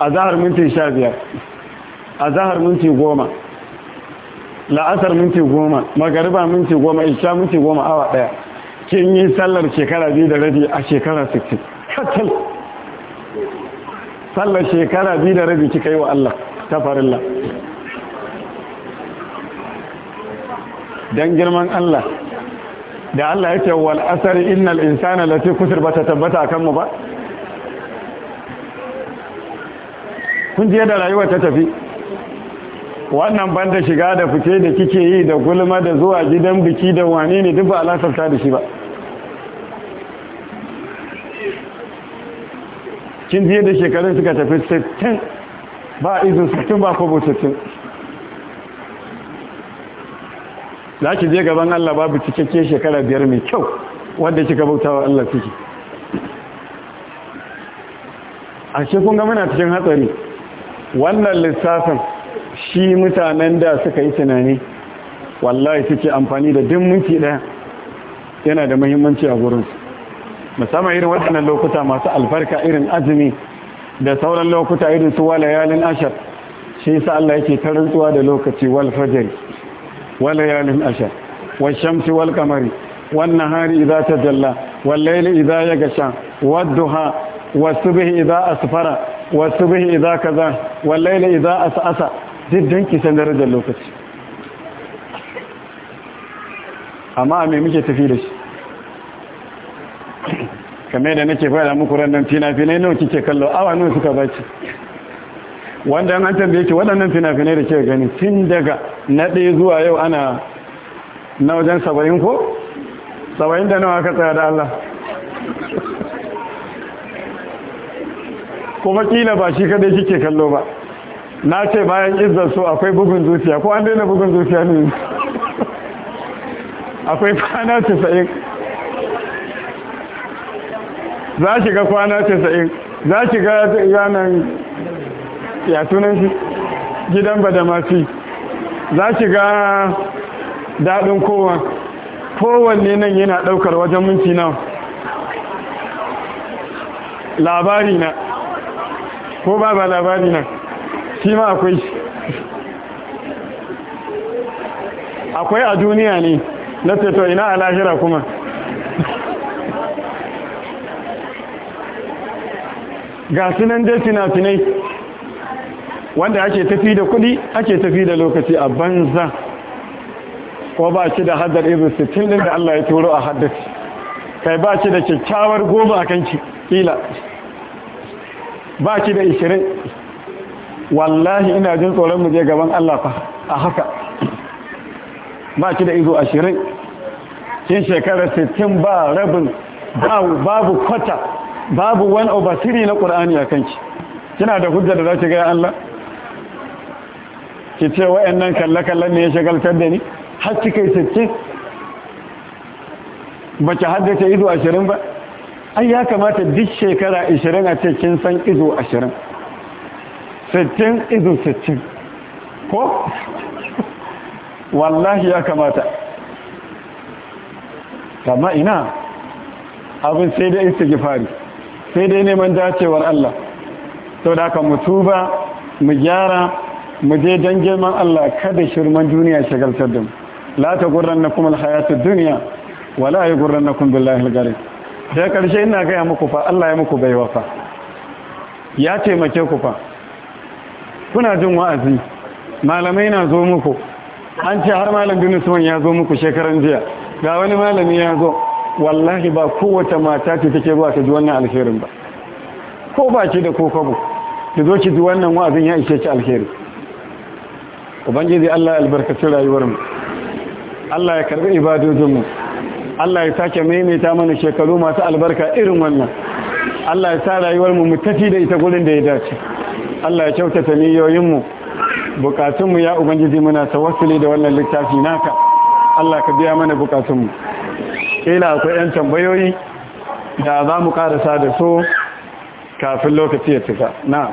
azhar minti 15 azhar minti 10 la'asar minti 10 magariba minti 10 isha minti 10 awa ɗaya kin yi sallar shekara biyu da rabi a shekara 60 kacal sallar shekara biyu da rabi kika yi wa Allah ta farilla don girman Allah da Allah ya wal asar innal insana lati kusur ba ta tabbata akan mu ba kun ji da rayuwar ta tafi wannan banda shiga da fice da kike yi da gulma da zuwa gidan biki da wane ne duk ba alakarta da shi ba kin ji da shekarun suka tafi 60 ba izo 60 ba ko za ki je gaban Allah babu cikakke shekara biyar mai kyau wadda kika bautawa Allah ciki a kun ga muna cikin hatsari wannan lissafin shi mutanen da suka yi tunani wallahi suke amfani da duk minti ɗaya yana da muhimmanci a gurinsu musamman irin waɗannan lokuta masu albarka irin azumi da sauran lokuta irin su walayalin ashar shi sa Allah yake ta rantsuwa da lokaci walfajari. وليال أشر والشمس والقمر والنهار إذا تجلى والليل إذا يغشى والضحى والصبح إذا أسفر والصبح إذا كذا والليل إذا أسأس جدا كسان درجة اللوكس أما أمي ميكي تفيلش kamar da nake fara muku rannan fina-finai nawa kike kallo awa nawa suka baci wanda an tambaye ki waɗannan fina-finai da ke gani tun daga na ɗaya zuwa yau ana na wajen saba'in ko? saba'in da nawa ka tsaya da Allah kuma kila ba shi kadai kike kallo ba na ce bayan izzar so akwai bugun zuciya ko an daina bugun zuciya ne akwai kwana 90 za ki ga kwana 90 za ki ga yanan ya sunan shi gidan badamasi za ki ga daɗin kowa kowanne nan yana ɗaukar wajen minti labari na ko ba ba labari na shi ma akwai shi akwai a duniya ne na teto ina a lahira kuma ga sunan dai finafinai wanda ake tafi da kuɗi ake tafi da lokaci a banza ko ba ki da haddar irin sittin ɗin da Allah ya turo a haddace kai ba ki da kyakkyawar goma a kanki kila ba ki da ishirin wallahi ina jin tsoron mu je gaban Allah fa a haka ba ki da izo ashirin cin shekara sittin ba rabin babu kwata babu wani obasiri na ƙur'ani a kanki kina da hujja da za ki gaya Allah ki ce nan kalle-kallen ne ya shagaltar da ni har kika yi sittin ba ki haddace ido ashirin ba ai ya kamata duk shekara ashirin a ce kin san ido ashirin sittin ido sittin ko wallahi ya kamata kama ina abin sai dai da fari sai dai neman dacewar Allah Sau da mutu ba mu gyara mu je don girman Allah kada shirman duniya shagaltar da mu la ta kuma alhayatud duniya. wala kuma billahi algari sai karshe ina gaya muku fa Allah ya muku baiwa fa ya taimake ku fa kuna jin wa'azi malamai na zo muku an ce har malam bin Usman ya zo muku shekaran jiya ga wani malami ya zo wallahi ba kowace mata ce take zuwa ta ji wannan alherin ba ko ba ki da ko kwabo ki zo ki ji wannan wa'azin ya ishe ki alheri ubangiji Allah albarkaci rayuwar mu Allah ya karbi ibadojin mu Allah ya sake maimaita mana shekaru masu albarka irin wannan Allah ya sa rayuwar mu mu tafi da ita gurin da ya dace Allah ya kyautata niyoyin mu bukatun mu ya ubangiji muna tawassuli da wannan littafi naka Allah ka biya mana bukatun mu kila akwai yan tambayoyi da za mu karasa da so kafin lokaci ya cika na'am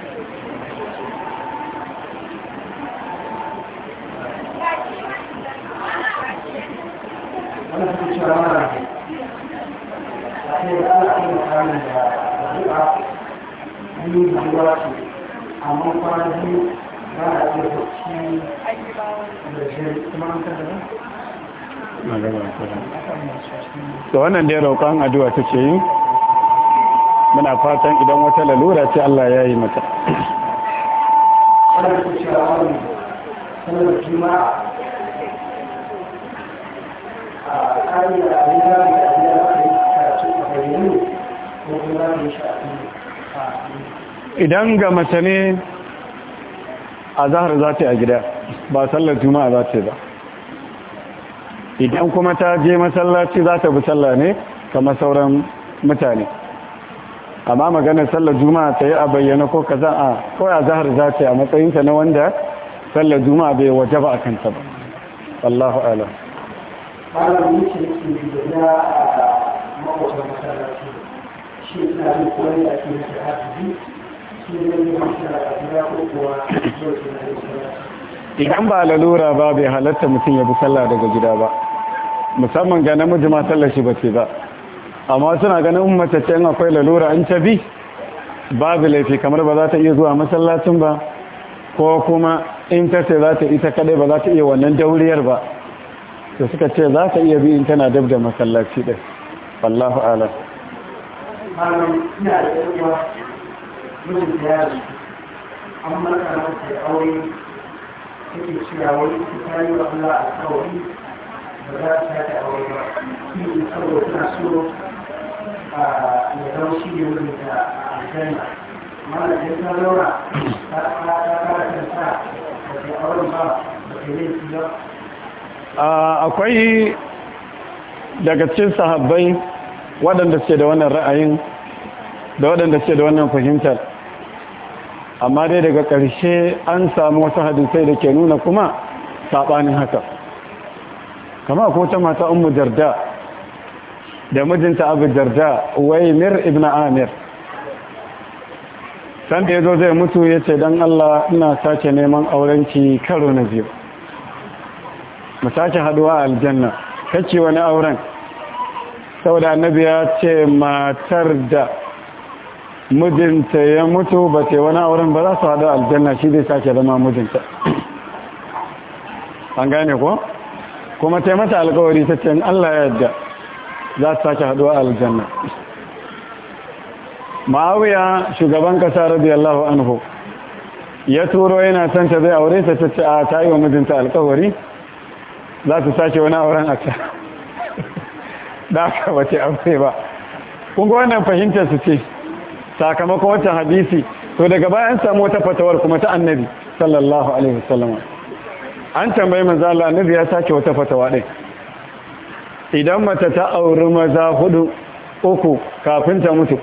mana da wannan dai roƙon addu'a take yi muna fatan idan wata lalura ce Allah ya yi mata. da a wani sanar da idan ga mace a zahar za ta yi a gida ba sallar juma'a za ta yi ba idan kuma ta je masallaci za ta bi salla ne kamar sauran mutane amma maganar sallar juma'a ta yi a bayyana ko kaza a kawai a zahar za ta yi a matsayinta na wanda sallar juma'a bai waje ba a kanta ba Allahu da na idan ba lalura ba bai halatta mutum ya bi sallah daga gida ba musamman ga namiji ma sallar ba ce ba amma suna ganin mace akwai lalura an ta bi babu laifi kamar ba za ta iya zuwa masallacin ba ko kuma in ta ce za ta ita kadai ba za ta iya wannan dauriyar ba to suka ce za ka iya bi in tana dab da masallaci ɗin wallahu ala an maka mata aure take cewa wani ta yi wa Allah a kawai ba za ta yi aure ba shi ne saboda tana so a ya zama shi ne wurin da aljanna mana da ta zaura ta fara ta fara ta sa ba ta auren ba ba ta yi laifi ba akwai daga cikin sahabbai waɗanda ce da wannan ra'ayin da waɗanda ce da wannan fahimtar amma dai daga ƙarshe an samu wasu hadisai da ke nuna kuma saɓanin haka kama ko ta mata ummu jarda da mijinta abu jarda waimir ibn amir Sanda ya zo zai mutu ya ce don allah ina sace neman aurenki karo na biyu mu sake haduwa a aljanna kake wani auren saboda annabi ya ce matar da mijinta ya mutu ba ce wani auren ba za su haɗu aljanna shi zai sake zama mijinta an gane ko kuma ta mata alkawari ta ce Allah ya yadda za su sake a aljanna ma'awiya shugaban kasa radiyallahu anhu ya turo yana son ta zai aure ta ce a ta yi wa mijinta alkawari za su sake wani auren a can da aka aure ba kunga wannan fahimtar su ce sakamakon wancan hadisi to daga bayan samu wata fatawar kuma ta annabi sallallahu alaihi wasallam an tambayi manzo Allah annabi ya sake wata fatawa din idan mata ta auri maza hudu uku kafin ta mutu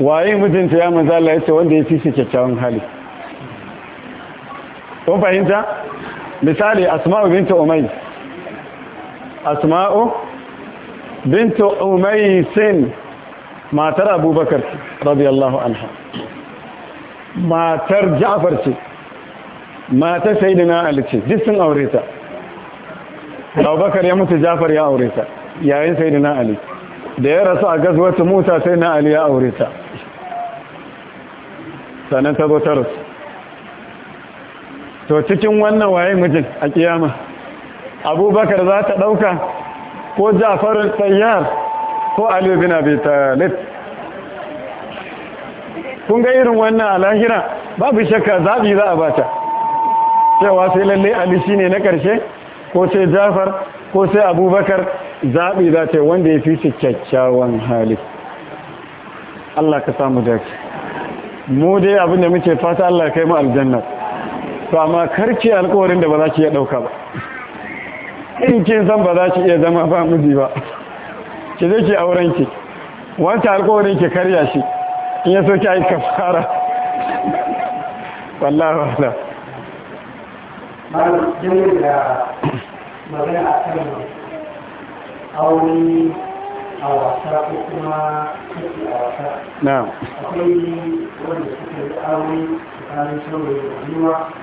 waye mijinta ya manzo Allah wanda ya fi shi kyakkyawan hali kun fahimta misali asma'u binta umais asma'u binta umaisin matar abubakar radiyallahu anha matar ja'far ce matar sayyidina ali ce duk sun aure ta abubakar ya mutu ja'far ya aure ta yayin sayyidina ali da ya rasu a gazuwar musa sayyidina ali ya aure ta sannan ta zo ta rasu to cikin wannan waye mijin a kiyama abubakar za ta ɗauka ko jafarin tsayyar ko aliyu bin abi talib kun ga irin wannan alahira babu shakka zaɓi za a bata cewa sai lalle ali shine na ƙarshe ko sai jafar ko sai abubakar zaɓi za ta yi wanda ya fi su kyakkyawan hali Allah ka samu dace mu dai abinda muke fata Allah kai mu aljanna to amma karki alkawarin da ba za ki iya ɗauka ba in kin san ba za ki iya zama ba miji ba ki zai ki auren ki wanta alkawarin ki karya shi in ya so ki ai kafara wallahi wallahi malam jini da magana a kan aure a wasa ko kuma kashi a wasa akwai wanda suka yi aure tsakanin saurayi da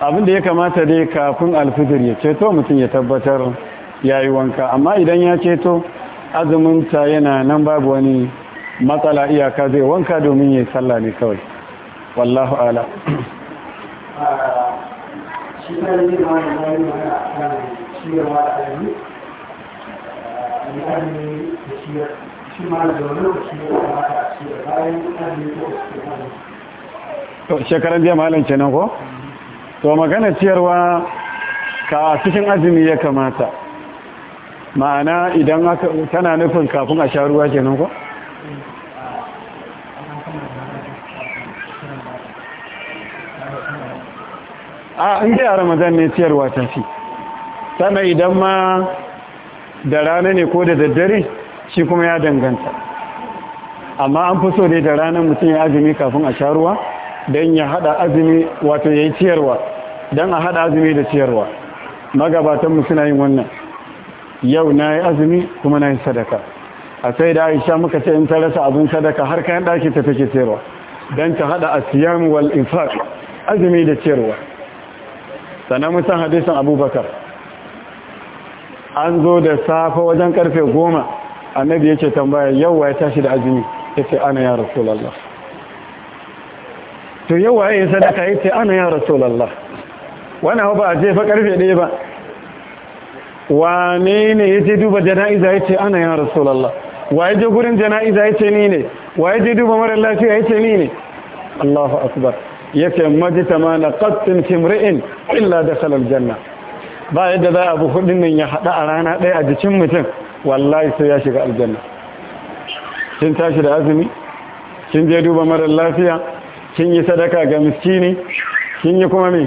abinda ya kamata dai kafin alfijir ya ceto mutum ya tabbatar ya yi wanka amma idan ya ceto azuminta yana nan babu wani matsala iyaka zai wanka domin ya sallah ne kawai wallahu ala shekaran jiya malam nan ko? to magana ciyarwa ka cikin azumi ya kamata ma'ana idan aka tana nufin kafin a sha ruwa kenan ko a in a ramadan ne ciyarwa ta fi sana idan ma da rana ne ko da daddare shi kuma ya danganta amma an fi so dai da ranar mutum ya azumi kafin a sha ruwa don ya hada azumi wato ya yi ciyarwa don a haɗa azumi da ciyarwa magabatanmu suna yin wannan yau na yi azumi kuma na yi sadaka a sai da aisha muka ce in ta rasa abin sadaka har kayan ɗaki ta take ciyarwa don ta haɗa a siyan wal infaq azumi da ciyarwa sannan mun san hadisin abubakar an zo da safa wajen karfe goma annabi ya ce tambaya yau ya tashi da azumi ya ce ana ya rasulallah to yau ya yi sadaka ya ce ana ya rasulallah wannan ba a jefa karfe ɗaya ba wane ne ya je duba jana'iza ya ce ana ya rasulallah wa ya je gudun jana'iza ya ce ni ne wa ya je duba marar lafiya ya ce ni ne allahu akbar ya ce ta ma na kattin kimri'in illa da salar janna ba yadda za a bi hudun nan ya haɗa a rana ɗaya a jikin mutum wallahi sai ya shiga aljanna kin tashi da azumi kin je duba marar lafiya kin yi sadaka ga miskini kin yi kuma me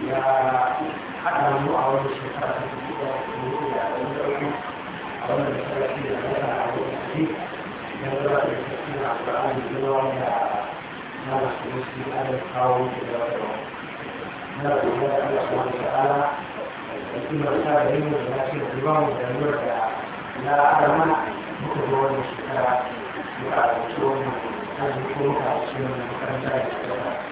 ya haɗa mu a wani shekara ta fi da kuma da wani ɗauki a wannan shekara da ya a wani shi ya zama da tafi na ƙwararri da yawa da na da su wasu ana kawo da yawa na da yawa da Allah kuma da ta'ala da sa da yin da ya da ba mu da yawa da na adama muka zo wani shekara muka a cikin wannan kan muka a cikin wannan makaranta da ta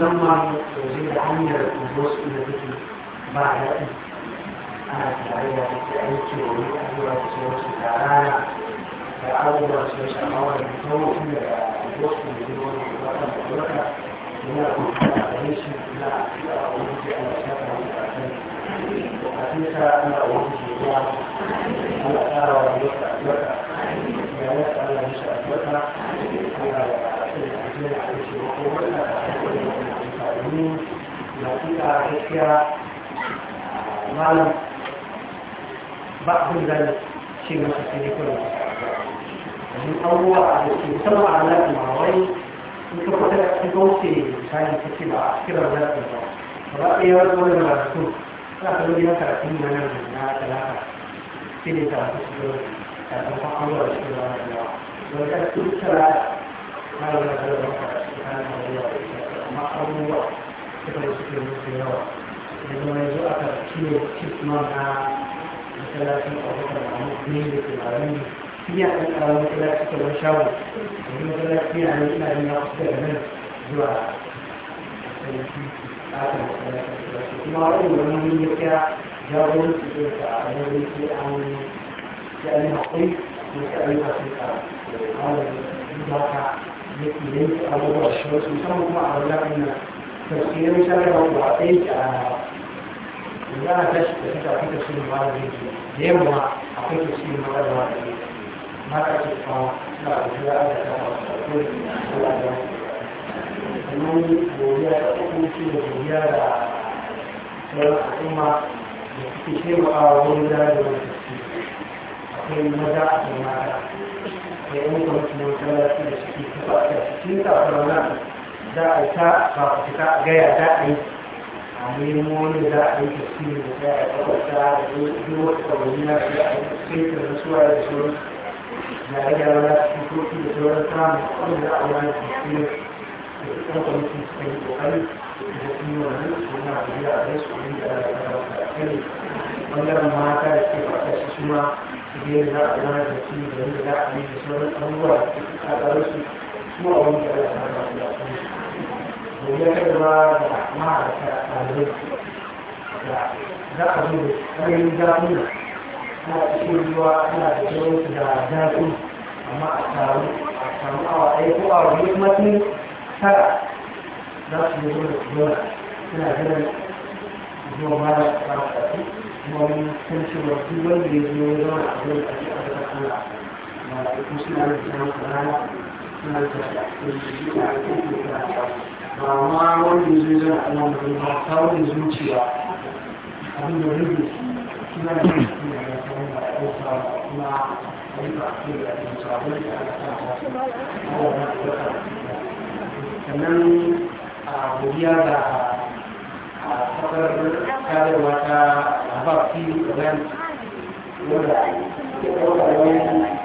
musamman yanzu da hanyar wasu da take ba a daɗi ana tarayya da ke aiki da wani abubuwa da su wasu da rana da abubuwa su wasu amma wani tawo inda da wasu da zai wani wata da wata yana kuma da gare shi na a wani ke ana shafa wani ƙarfi bukatun sa ana wani ke zuwa ana tsara wani wata a gaskiya malam ba abin da ce masa sai dai kawai domin abubuwa a gaske musamman a lafi ma wai in ka fita da cikin gauce misali ta ce ba a kiran lafi ba ba ɗaya wani wani karatu za ka lori na karatun na da na talaka sai dai karatu su zo ta kan an zuwa cikin wani da yawa don ka tuttara malam na karatu ka cikin kayan abubuwa suka da suke musu yawa da kuma yanzu aka ciwo kitman na masalacin abubakar da amma ne da ke ba wani iya ɗan ƙaramin masalaci kamar shawo da masalaci a nan ina yin yawa daga nan zuwa masalaci a kan masalaci kuma wani wani wani ya kira jagorin su ke da a wani sai an sai an yi haƙuri ko sai an yi haƙuri a wani ba ka yake yanki abubuwa shi wasu musamman kuma a wajen Perché noi saremmo attenti a andare adesso per esempio a questo cinema di Demo a questo cinema di ma che si fa la giurata della nostra vita e noi vogliamo tutti vogliamo insomma che dicevo a vogliare dove si a quel modato ma che è un po' che non sarà la fine si fa si finta per andare za a ta fafita a gaya za a yi a nemo wani za a yi tafsiri da za a kawarta da yi wata kawai na da a yi tafsiri da suwa da sauran na yi da wani tutoki da sauran samun wani za a wani tafsiri da ɗan kwamitin suka yi ƙoƙari da su yi wani suna a biya a yi su yi da ala da kai ɓangaren mata da ke fata su suma su biyar za a wani tafsiri da za a yi da sauran abubuwa a ƙararsu za a zo da tsarin damuna na cikin ruwa ana da yawan da zafi amma a samu a samu awa ɗaya ko awa biyu mafi tara za su zo da tsoro suna jiran zuwa mara tsarkaki kuma mun san cewa duk wanda ya zo ya zama a gurin ake a ƙasar Allah mala'iku suna da tsaron rana ba ma wanda zai zai a nan da ba ta zuciya abin da rubu suna da su ne da kuma da ɗauka na ayyuka ke da ɗauka wani da aka ta sannan a godiya da a kafar karewa ta labar fi da ran wadda ya ɗauka wani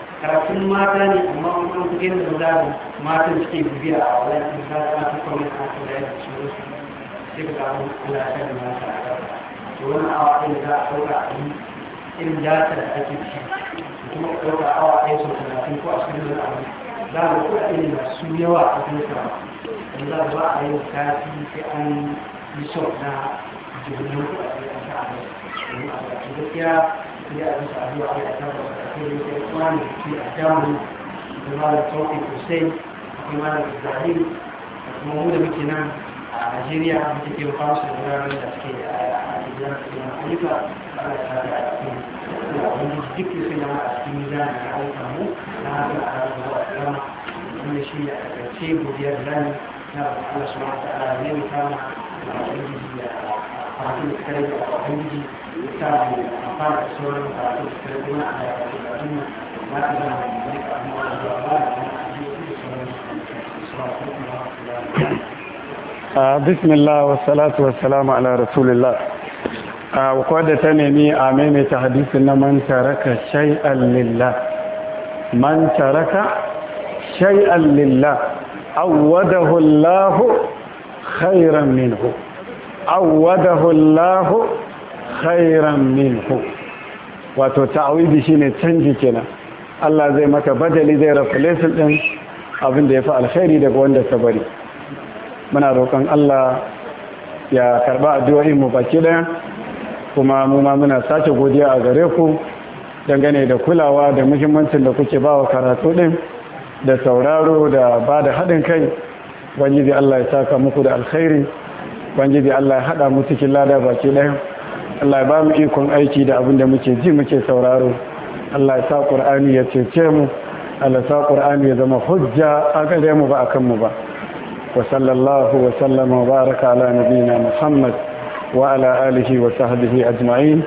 karatun mata ne amma kuma su gina da zaɓi matan suke bibiya a wajen sun sa da mata kawai a kan da yadda su wasu sai ka samu alaƙar da mata a ƙasa to wani awa ɗaya za a ɗauka a yi irin jata da ake ci kuma ka ɗauka awa ɗaya sau talatin ko ashirin da abu za mu kuɗaɗe masu yawa a kan sa wanda ba a yi tafi sai an yi sau na jirgin kuɗaɗe a kan sa a gaskiya في الشعبية على أحكام التأخير الإسلام في أحكام جمال الصوفي الحسين جمال الزعيم موجودة بكنان نيجيريا بتجي الخاص بالجامعة التفكير الجامعة المعرفة ونذكر في آه، بسم الله والصلاة والسلام على رسول الله آه، وقد تنمي آمين تحديث إن من ترك شيئا لله من ترك شيئا لله أوده الله خيرا منه awwadahu Allahu khairan minhu wato ta'awidi shine canji kenan Allah zai maka badali zai replace din abin da yafi alkhairi daga wanda ka bari muna roƙon Allah ya karba addu'o'in mu baki daya kuma mu ma muna sace godiya a gare ku dangane da kulawa da muhimmancin da kuke bawa karatu din da sauraro da bada da haɗin kai wani Allah ya saka muku da alkhairi bangiji Allah ya hada mu cikin lada baki ɗaya Allah ya ba mu ikon aiki da abin da muke ji muke sauraro Allah ya sa Qur'ani ya cece mu Allah ya sa Qur'ani ya zama hujja a gare mu ba akan mu ba wa sallallahu wa sallama wa baraka ala nabiyyina Muhammad wa ala alihi wa sahbihi ajma'in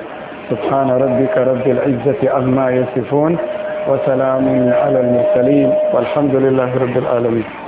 سبحان ربك رب العزة عما يصفون وسلام على المرسلين والحمد لله رب العالمين